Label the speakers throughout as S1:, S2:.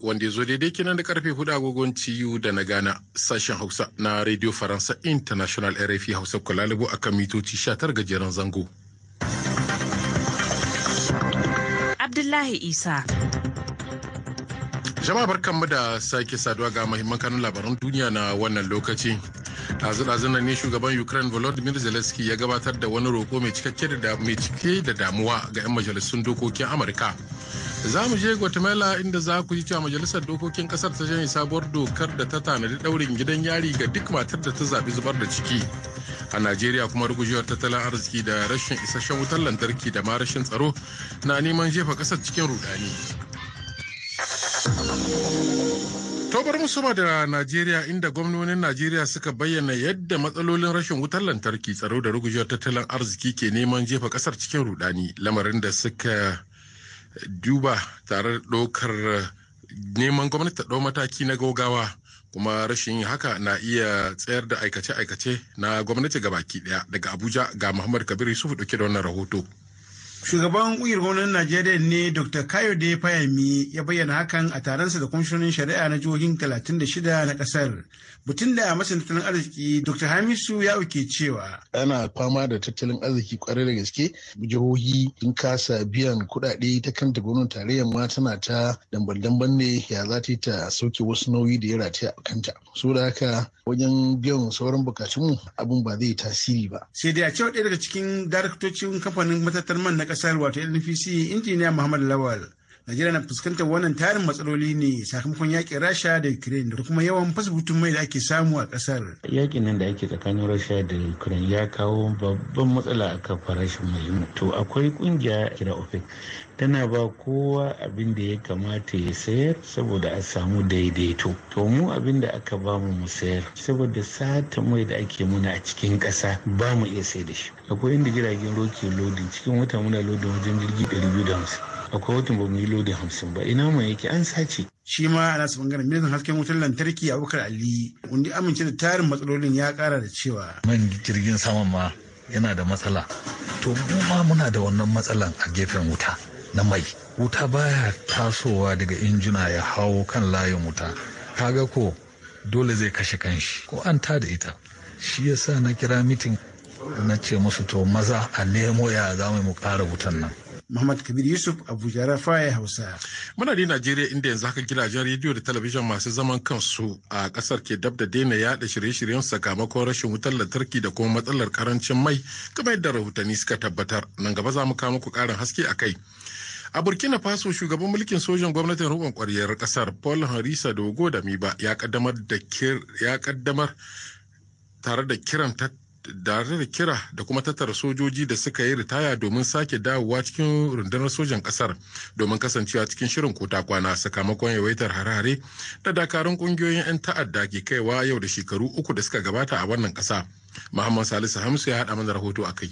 S1: wanda ya zo daidai kenan da karfe hudu agogon ciyu da na gana sashen hausa na radio faransa international rfi hausa kwalalibu a kan mitoci 19 gajeren zango
S2: abdullahi isa
S1: jama'a barkanmu da sake saduwa ga mahimman kanun labaran duniya na wannan lokaci ɗazu nan ne shugaban ukraine volodymyr zelensky ya gabatar da wani roko mai cike da damuwa ga 'yan majalisun dokokin amurka za mu je guatemala inda za ku yi cewa majalisar dokokin kasar ta janye sabuwar dokar da ta tanadi daurin gidan yari ga duk matar da ta zaɓi zubar da ciki a najeriya kuma rugujewar tattalin arziki da rashin isasshen wutar lantarki da ma rashin tsaro na neman jefa kasar cikin rudani tobar musuma da najeriya inda gwamnonin najeriya suka bayyana yadda matsalolin rashin wutar lantarki tsaro da rugujewar tattalin arziki ke neman jefa kasar cikin rudani lamarin da suka duba tare da ɗaukar eh, neman gwamnati ta ɗau mataki na gogawa kuma rashin haka na iya tsayar da aikace-aikace na gwamnati gabaki daya daga abuja ga muhammad kabir yusuf ɗauke da wannan rahoto
S3: Shugaban ƙungiyar gwamnan Najeriya ne Dr. Kayode Fayami ya bayyana hakan a taronsa da kwamishinan shari'a na jihohin 36 na kasar Butun da masan tattalin arziki
S1: Dr. Hamisu ya uke cewa. Ana fama da tattalin arziki kwarai da gaske jihohi sun kasa biyan kuɗaɗe ta kanta gwamnatin tarayyar ma tana ta dambal-damban ne ya za ta ta sauke wasu nauyi da ya rataya a kanta. So da haka wajen biyan sauran bukatunmu abin ba zai tasiri ba.
S3: Sai da cewa ɗaya daga cikin daraktocin kamfanin matattar man na kasar wato nfc injiniya muhammad lawal Najeriya na fuskantar wannan tarin matsaloli ne sakamakon yakin Rasha da Ukraine da kuma yawan fasfutun mai da ake samu a ƙasar. Yakin nan da
S1: ake tsakanin Rasha da Ukraine ya kawo babban matsala a kan farashin mai to akwai kungiya kira OPEC tana ba kowa abin da ya kamata ya sayar saboda a samu daidaito to mu abin da aka ba mu mu sayar saboda sata mai da ake muna a cikin ƙasa ba mu iya sayar da shi akwai inda jiragen roke lodin cikin wata muna lodin wajen jirgi 250 akwai watan ba mu yi lodin hamsin ba ina mai yake an sace
S3: shi ma a nasu bangaren ministan hasken wutar lantarki a bukar ali wanda amince da tarin matsalolin ya kara
S1: da cewa man jirgin saman ma yana da matsala to mu ma muna da wannan matsalan a gefen wuta na mai wuta baya tasowa daga injina ya hawo kan layin wuta kaga ko dole zai kashe kanshi ko an ta da ita shi yasa na kira mitin na ce musu to maza a nemo ya za mu kara wutan nan Muhammad
S3: Kabir Yusuf Abuja ya Hausa.
S1: Muna ne Najeriya inda yanzu haka gidajen rediyo da talabijin masu zaman kansu a kasar ke dab da daina yada shirye-shiryen sakamakon rashin wutar lantarki da kuma matsalar karancin mai kamar yadda rahotanni suka tabbatar. Nan gaba za mu kawo muku karin haske a kai. a burkina faso shugaban mulkin sojan gwamnatin rukun kwaryar kasar paul harisa dogo da miba ya kaddamar tare da kiran tare da kira da kuma tattara sojoji da suka yi ritaya domin sake dawowa cikin rundunar sojan kasar domin kasancewa cikin shirin kota kwana sakamakon yawaitar harare da dakarun kungiyoyin 'yan ta'adda ke kaiwa yau da shekaru uku da suka gabata a wannan kasa muhammad salisu hamsu ya haɗa mana rahoto a kai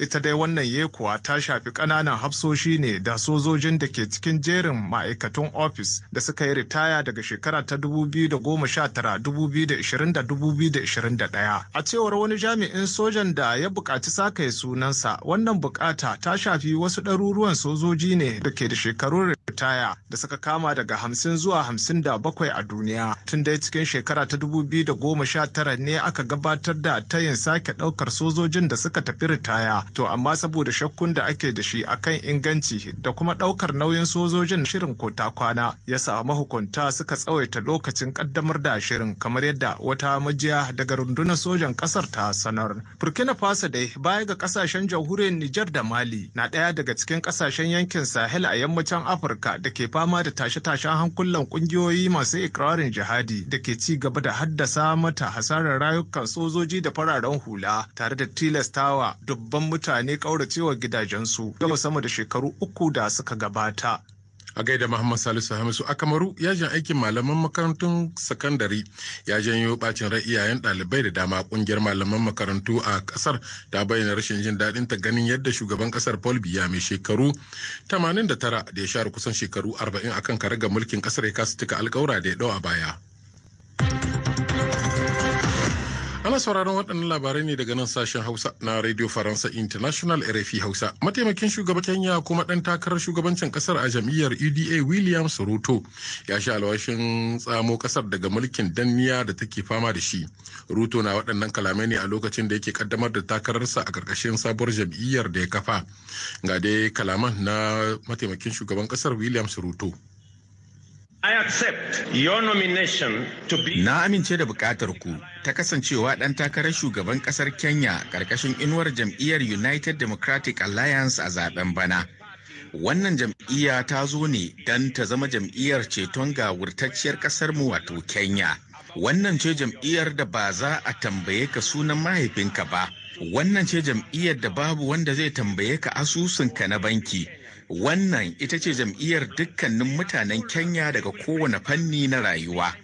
S1: ita dai wannan yekuwa ta
S3: shafi ƙananan hafsoshi ne da sojojin da ke cikin jerin ma'aikatun ofis da suka yi ritaya daga shekara ta 2019 2021 a cewar wani jami'in sojan da ya buƙaci sakaye sunansa wannan buƙata ta shafi wasu ɗaruruwan sojoji ne da ke da shekarun ritaya da suka kama daga 50 zuwa 57 a duniya tun dai cikin shekara ta 2019 ne aka gabatar da tayin sake ɗaukar sojojin da suka tafi ritaya to amma saboda shakkun da ake da shi akan inganci da kuma ɗaukar nauyin sojojin shirin kota kwana ya sa mahukunta suka tsawaita lokacin ƙaddamar da shirin kamar yadda wata majiya daga rundunar sojan ƙasar ta sanar burkina faso dai baya ga ƙasashen jamhuriyar nijar da mali na ɗaya daga cikin ƙasashen yankin sahel a yammacin afirka da ke fama da tashe-tashen hankulan ƙungiyoyi masu ikirarin jihadi da ke ci gaba da haddasa mata hasarar rayukan sojoji da fararen hula tare da tilastawa dubban mutane kauracewa gidajensu
S1: gaba sama da shekaru uku da suka gabata. a gaida Muhammad Salisu Hamisu a Kamaru yajin aikin malaman makarantun sakandare ya janyo bacin rai iyayen ɗalibai da dama kungiyar malaman makarantu a kasar ta bayyana rashin jin daɗin ta ganin yadda shugaban kasar Paul Biya mai shekaru 89 da ya share kusan shekaru 40 akan karagar mulkin kasar ya kasu cika alƙawura da ya ɗau a baya. Ana sauraron waɗannan labarai ne daga nan sashen Hausa na Radio Faransa International RFI Hausa. Mataimakin shugaban Kenya kuma ɗan takarar shugabancin ƙasar a jam'iyyar UDA e William Ruto ya sha alwashin tsamo ƙasar daga mulkin danniya da take fama da shi. Ruto na waɗannan kalamai ne a lokacin da yake kaddamar da takararsa a ƙarƙashin sabuwar jam'iyyar da ya kafa. Ga dai kalaman na mataimakin shugaban ƙasar William Ruto. Na amince da bukatar ku ta kasancewa ɗan
S3: takarar shugaban ƙasar Kenya ƙarƙashin inuwar jam'iyyar United Democratic Alliance a zaben bana. Wannan jam'iyya ta zo ne don ta zama jam'iyyar ceton ga wurtacciyar mu wato Kenya. Wannan ce jam'iyyar da ba za a tambaye ka sunan mahaifinka ba. Wannan ce jam'iyyar da babu wanda zai tambaye ka asusunka na banki. Wannan ita ce jam'iyyar dukkanin mutanen Kenya daga kowane fanni na rayuwa.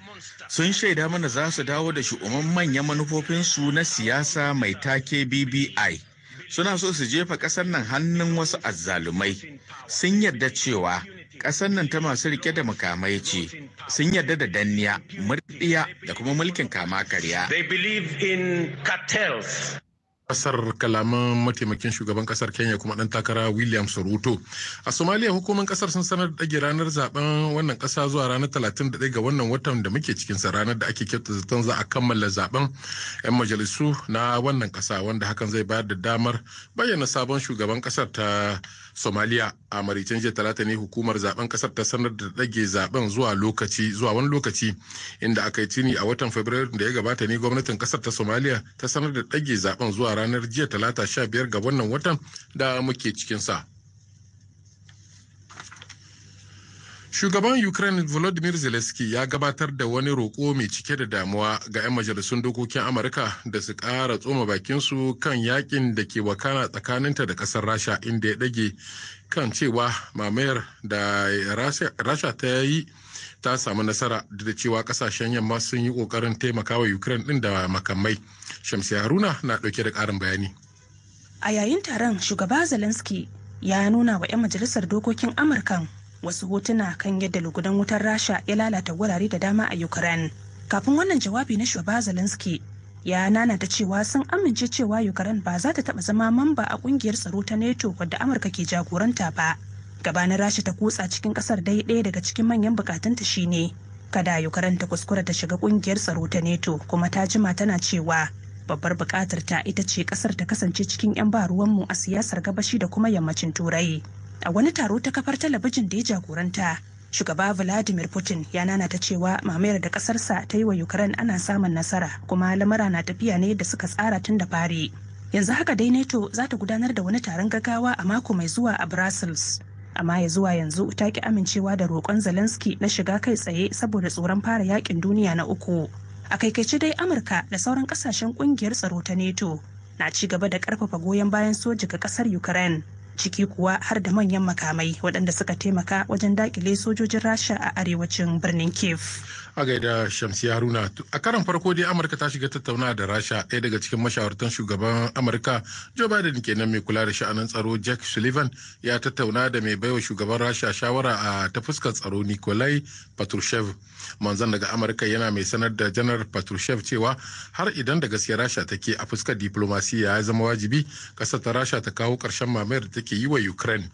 S3: sun shaida mana za su dawo da shugaban manyan manufofinsu na siyasa mai take BBI. Suna so su jefa ƙasar nan hannun wasu azzalumai. Sun yarda cewa ƙasar nan ta masu rike da makamai ce. Sun yarda da danniya, murdiya, da kuma mulkin kama karya.
S1: They believe in cartels. kasar kalaman mataimakin shugaban kasar kenya kuma dan takara william soruto a somalia hukumar kasar sun sanar da dage ranar zaben wannan kasa zuwa ranar 31 ga wannan watan da muke cikin sa ranar da ake kyauta zaton za a kammala zaben yan majalisu na wannan kasa wanda hakan zai bayar da damar bayyana sabon shugaban kasar ta somalia a maricin jiya talata ne hukumar zaben kasar ta sanar da dage zaben zuwa lokaci zuwa wani lokaci inda aka yi tuni a watan fabrairu da ya gabata ne gwamnatin kasar ta somalia ta sanar da dage zaben zuwa ranar jiya talata sha biyar ga wannan watan da muke cikinsa. Shugaban Ukraine Volodymyr Zelensky ya gabatar da wani roƙo mai cike da damuwa ga 'yan majalisun dokokin Amurka da su ƙara tsoma su kan yakin da ke wakana tsakaninta da ƙasar Rasha inda ya ɗage kan cewa mamayar da Rasha ta yi ta samu nasara da cewa ƙasashen yamma sun yi ƙoƙarin taimakawa Ukraine ɗin da makamai. Shamsi Haruna na ɗauke da ƙarin bayani.
S2: A yayin taron shugaba Zelensky ya nuna wa 'yan majalisar dokokin Amurkan wasu hotuna kan yadda lugudan wutar rasha ya lalata wurare da dama a ukraine kafin wannan jawabi na shugaba zelensky ya ta cewa sun amince cewa ukraine ba za ta taba zama mamba a kungiyar tsaro ta nato wadda amurka ke jagoranta ba gabanin rasha ta kutsa cikin kasar dai daya daga cikin manyan bukatunta shine kada ukraine ta kuskura ta shiga kungiyar tsaro ta nato kuma ta jima tana cewa babbar bukatar ta ita ce kasar ta kasance cikin 'yan ba ruwanmu a siyasar gabashi da kuma yammacin turai a wani taro ta kafar talabijin da ya jagoranta shugaba vladimir putin ya nana ta cewa mamayar da kasarsa ta yi wa ukraine ana samun nasara kuma lamara na tafiya ne da suka tsara tun da fari yanzu haka dai NATO za ta gudanar da wani taron gaggawa a mako mai zuwa a brussels amma ya zuwa yanzu ta ki amincewa da roƙon zelensky na shiga kai tsaye saboda tsoron fara yakin duniya na uku a kaikaice dai amurka da sauran kasashen kungiyar tsaro ta neto na ci gaba da karfafa goyon bayan soji ga kasar ukraine ciki kuwa har da manyan makamai waɗanda suka taimaka wajen daƙile sojojin rasha a arewacin birnin kiev
S1: a gaida shamsiya haruna a karan farko dai amurka ta shiga tattauna da rasha ɗaya daga cikin mashawartan shugaban amurka joe biden kenan mai kula da sha'anin tsaro jack sullivan ya tattauna da mai baiwa shugaban rasha shawara a ta fuskar tsaro nikolai patrushev manzan daga amurka yana mai sanar da janar patrushev cewa har idan da gaske rasha take a fuskar diplomasiya ya zama wajibi ƙasar ta rasha ta kawo karshen mamayar da take yi wa ukraine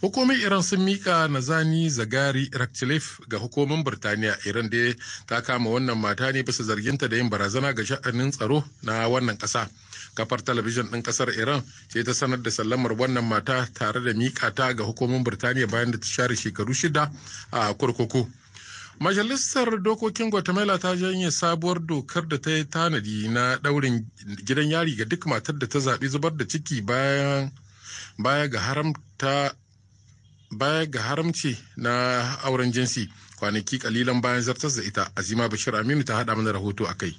S1: hukumar iran sun mika zani zagari raktilif ga hukumin birtaniya iran da ta kama wannan mata ne bisa zarginta da yin barazana ga sha'anin tsaro na wannan kasa kafar talabijin ɗin ƙasar iran ce ta sanar da sallamar wannan mata tare da mika ta ga hukumin birtaniya bayan da ta share shekaru shida a kurkuku majalisar dokokin guatemala ta janye sabuwar dokar da ta yi tanadi na ɗaurin gidan yari ga duk matar da ta zaɓi zubar da ciki bayan baya ga haramci na auren jinsi kwanaki kalilan bayan zartas da ita azima bashir aminu ta hada mana rahoto a kai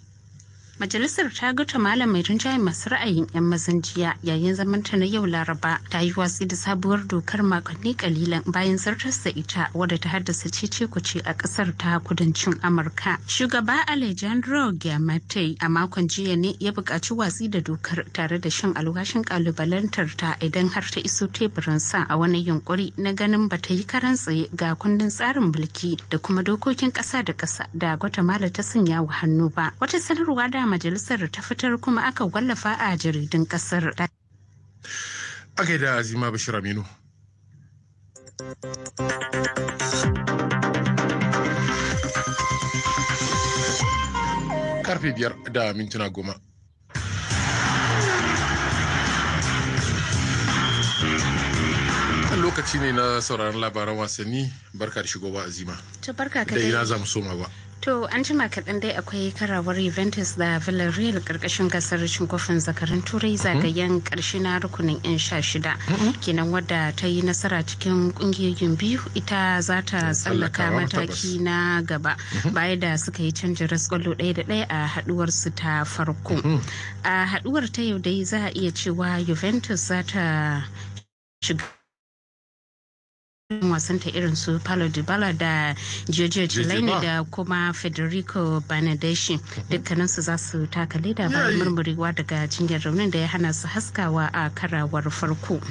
S4: Majalisar ta gata malam mai rinjaye masu ra'ayin 'yan mazan jiya yayin zaman ta na yau Laraba ta yi watsi da sabuwar dokar makonni kalilan bayan zartar sa ita wadda ta haddasa cece kuce a kasar ta kudancin Amurka. Shugaba Alejandro Giamatti a makon jiya ne ya buƙaci watsi da dokar tare da shan alwashin kalubalantar ta idan har ta iso teburin sa a wani yunkuri na ganin ba ta yi karan tsaye ga kundin tsarin mulki da kuma dokokin ƙasa da ƙasa da Guatemala ta sanya wa hannu ba. Wata sanarwa da majalisar ta fitar kuma aka wallafa a jaridun kasar.
S1: Aka da Azima Bashir Aminu. Karfe biyar da mintuna goma. lokaci ne na sauraron labaran wasanni barka da shigowa azima.
S4: Ta barka ka dai. Da ina za mu soma ba. To an jima kaɗan dai akwai karawar Juventus da Villarreal ƙarƙashin gasar cin kofin zakarin turai mhm. zagayen ƙarshe na rukunin 'yan sha shida. Kenan wadda ta yi nasara cikin ƙungiyoyin biyu ita za ta tsallaka mataki na gaba baya da suka yi canjin raskwallo ɗaya da ɗaya a haɗuwar su ta farko. A haɗuwar ta yau dai za a iya cewa Juventus za ta shiga wasanta irin su Paulo Dybala da Giorgio Chiellini da kuma Federico Bernardeschi mhm. dukkanin su za su taka leda bayan murmurewa daga jinyar raunin da ya hana su haskawa a karawar farko.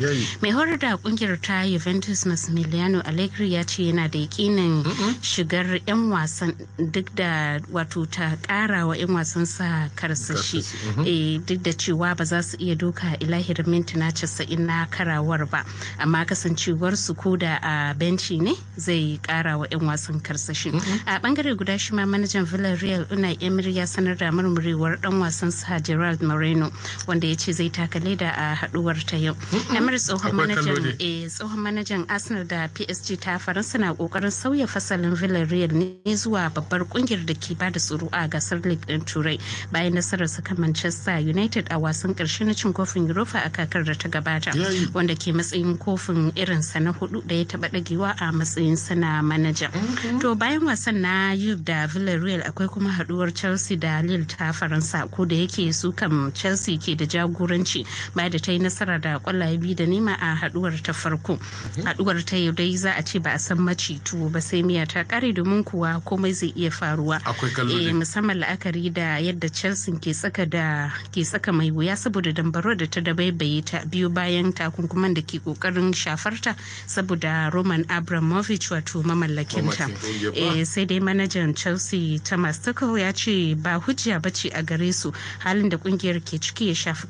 S4: Mai horar da kungiyar ta Juventus Massimiliano Allegri ya ce yana da yakinin shigar 'yan wasan duk da wato ta kara wa 'yan wasan sa karsashi mm-hmm. eh, duk da cewa ba za su iya doka ilahirin mintuna 90 na karawar ba amma kasancewar su ko da a benci ne zai kara wa 'yan wasan karsashi mm-hmm. a bangare guda shi ma manajan villarreal una emir ya sanar da murmurewar dan wasan sa gerald moreno wanda ya ce zai taka leda a haduwar ta yau mm-hmm. emir eh, tsohon manajan arsenal da psg ta faransa na kokarin sauya fasalin villarreal ne zuwa babbar kungiyar da ke da tsoro a gasar league din turai bayan nasarar saka manchester united a wasan karshe na cin kofin europa a kakar da ta gabata wanda ke matsayin kofin irinsa na hudu da ya taba dagewa a matsayin sana manaja. Mm-hmm. To bayan wasan na Yves da Villarreal akwai kuma haduwar Chelsea da Lille ta Faransa ko da yake su kam Chelsea ke da jagoranci bayan da ta yi nasara da kwallaye biyu da nema a haduwar ta farko. Mm-hmm. haduwar ta yau dai za a ce ba a san maci tuwo ba sai miya ta kare domin kuwa komai zai iya faruwa. E, musamman la'akari da yadda Chelsea ke tsaka da ke tsaka mai wuya saboda dambaro da ta dabaibaye ta biyu bayan takunkuman da ke kokarin shafarta saboda roman abramovich wato mamallakinta eh sai dai manajan chelsea thomas tuchel ya ce ba hujja ba ce a gare su halin da kungiyar ke ciki ya shafi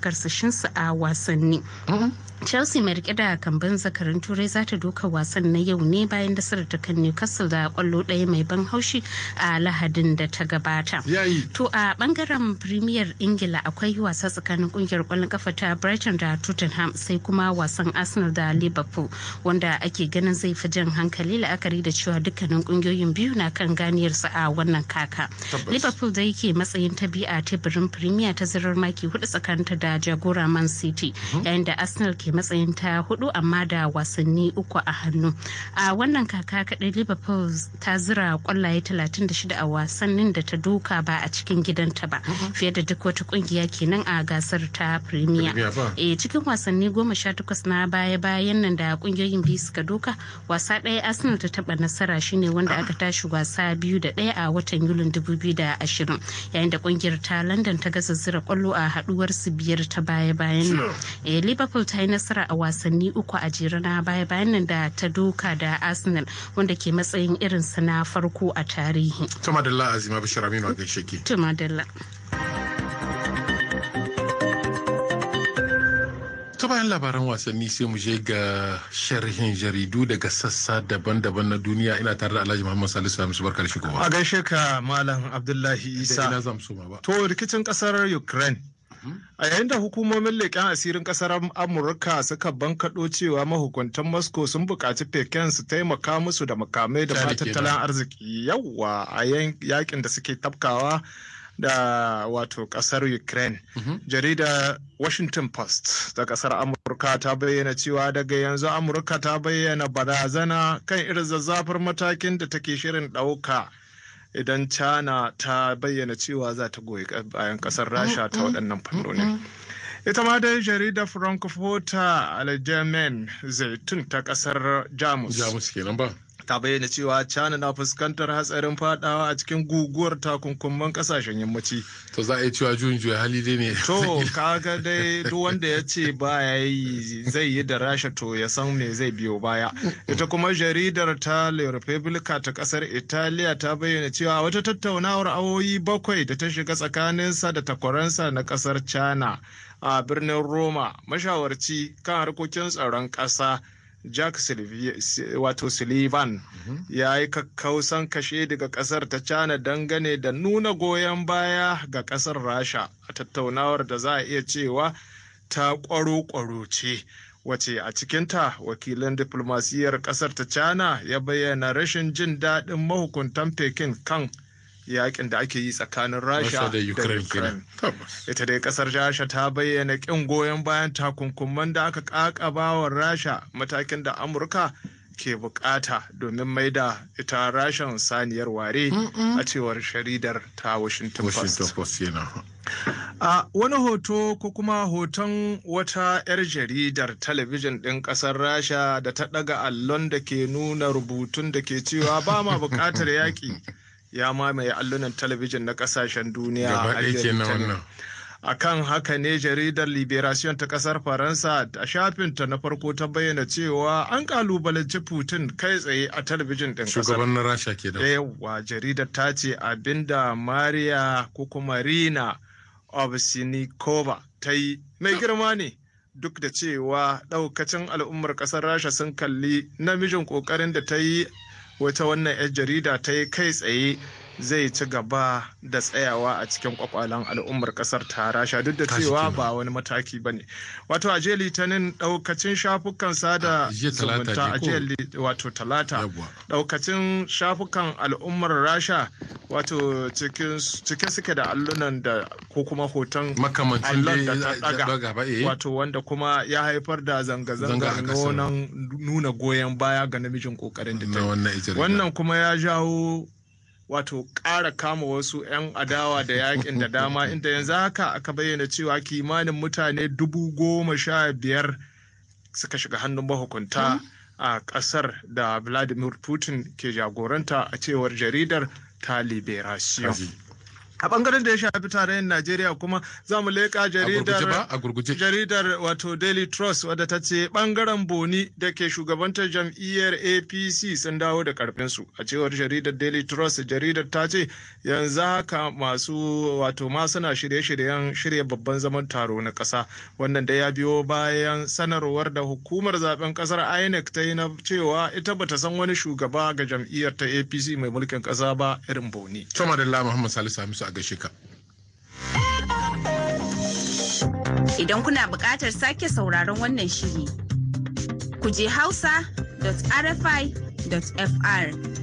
S4: su a wasanni mm-hmm. chelsea mai rike da kamban zakarin turai za ta doka wasan na yau ne bayan da ta kan newcastle da kwallo ɗaya mai ban haushi a lahadin da ta gabata to a bangaren premier ingila akwai wasa tsakanin kungiyar kwallon kafa ta brighton da tottenham sai kuma wasan arsenal da liverpool wanda ake ganin ganin zai fi jan hankali la'akari da cewa dukkanin kungiyoyin biyu na kan ganiyar ganiyarsu a wannan kaka liverpool da yake matsayin ta biyu a teburin premier ta zirar maki hudu tsakanta da jagora man city mhm. yayin da arsenal ke matsayin ta hudu amma da wasanni uku a hannu a wannan kaka kaɗai liverpool ta zira kwallaye 36 a wasannin da ta duka ba a cikin gidanta ba mhm. fiye da duk wata kungiya kenan a gasar ta premier eh, cikin wasanni goma sha takwas na baya bayan nan da kungiyoyin biyu suka duka wasa ɗaya arsenal ta taɓa nasara shine wanda aka tashi wasa biyu da ɗaya a watan yulin 2020 yayin da kungiyar ta london ta gaza zira kwallo a haduwar su biyar ta baya-bayan nan eh, liverpool ta yi nasara a wasanni uku a jere na baya-bayan nan da ta doka da arsenal wanda ke matsayin irinsa na farko a tarihi.
S1: Tuma Azima bishara Aminu a gaishe ki. Tuma ta bayan labaran wasanni sai mu je ga sharhin jaridu daga sassa daban-daban na duniya ina tare da Alhaji Muhammad Salisu Hamisu barka da shigowa. A
S3: gaishe ka Malam Abdullahi Isa. Ina zamsu ba. To rikicin kasar Ukraine mhm. a yayin da hukumomin leƙen asirin ƙasar amurka suka bankaɗo cewa mahukuntan moscow sun buƙaci peken su taimaka musu da makamai da matattalan arziki yawa a yakin da suke tafkawa da wato kasar Ukraine. Mhm. Jarida Washington Post ta kasar Amurka ta bayyana cewa daga yanzu Amurka ta bayyana barazana kan irin zazzafar matakin da take shirin dauka idan china ta bayyana cewa za ta goyi bayan kasar mm-hmm, rasha ta mm-hmm, waɗannan mm-hmm. fannonin ita ma dai jaridar frankfurter algemen zaitun ta kasar jamus jamus ta bayyana cewa China na fuskantar hatsarin fadawa a cikin guguwar takunkuman kasashen yammaci. To za a yi cewa juyin juya hali dai ne. To kaga dai duk wanda ya ce baya yi zai yi da rasha to ya san me zai biyo baya. Ita kuma jaridar ta Le Republica ta kasar Italiya ta bayyana cewa wata tattaunawar awoyi bakwai da ta shiga tsakaninsa da takwaransa na kasar China a birnin Roma mashawarci kan harkokin tsaron ƙasa. jack wato sullivan mhm. ya yi kakkausan kashe daga kasar ta cana dangane da nuna goyon baya ga kasar rasha a tattaunawar da za a iya cewa ta kwaro-kwaro ce wace a cikinta wakilin diflomasiyyar kasar ta cana ya bayyana rashin jin daɗin mahukuntan pekin kan yakin da ake yi tsakanin rasha da ukraine ita dai kasar rasha ta bayyana kin goyon bayan takunkuman da aka kakabawa rasha matakin da amurka ke bukata domin mai da ita rashin saniyar ware a cewar sharidar ta washington post a wani hoto ko kuma hoton wata 'yar jaridar talabijin ɗin ƙasar rasha da ta ɗaga allon da ke nuna rubutun da ke cewa ba ma buƙatar yaƙi ya mamaye allunan talabijin na kasashen duniya a kan haka ne jaridar liberation ta kasar faransa a shafinta na farko ta bayyana cewa an kalubalanci putin kai tsaye a talabijin din kasar shugaban na rasha ke da yawa jaridar ta ce abinda maria kukumarina kuma obsinikova ta yi mai girma ne duk da cewa daukacin al'ummar kasar rasha sun kalli namijin kokarin da ta yi wata wannan 'yar jarida ta yi kai tsaye zai ci gaba da tsayawa a cikin kwakwalen al'ummar kasar ta rasha duk da cewa ba wani mataki ba ne wato a jiya litinin daukacin shafukan sada zumunta a jiya wato talata daukacin shafukan al'ummar rasha wato cike suke da allunan da ko kuma hoton allon da ta daga eh? wato wanda kuma ya haifar da zanga-zangar nuna goyon baya ga namijin kokarin da ta wannan kuma ya jawo wato ƙara kama wasu 'yan adawa da yakin da dama inda yanzu haka aka bayyana cewa kimanin mutane dubu goma sha biyar suka shiga hannun mahukunta hmm? a ƙasar da vladimir putin ke jagoranta a cewar jaridar ta liberation a bangaren da ya shafi tarayyar najeriya kuma za mu leƙa jaridar wato daily trust wadda ta ce bangaren boni da ke shugabantar jam'iyyar apc sun dawo da karfinsu a cewar jaridar daily trust jaridar ta ce yanzu haka masu wato ma suna shirye-shiryen shirya babban zaman taro na kasa wannan da ya biyo bayan sanarwar da hukumar zaben ƙasar inec ta yi na cewa ita bata san wani shugaba ga jam'iyyar ta apc mai mulkin ƙasa ba
S1: irin boni. da Muhammad Salisu Hamisu gaishe ka.
S2: Idan kuna buƙatar sake sauraron wannan shiri, ku je hausa.rfi.fr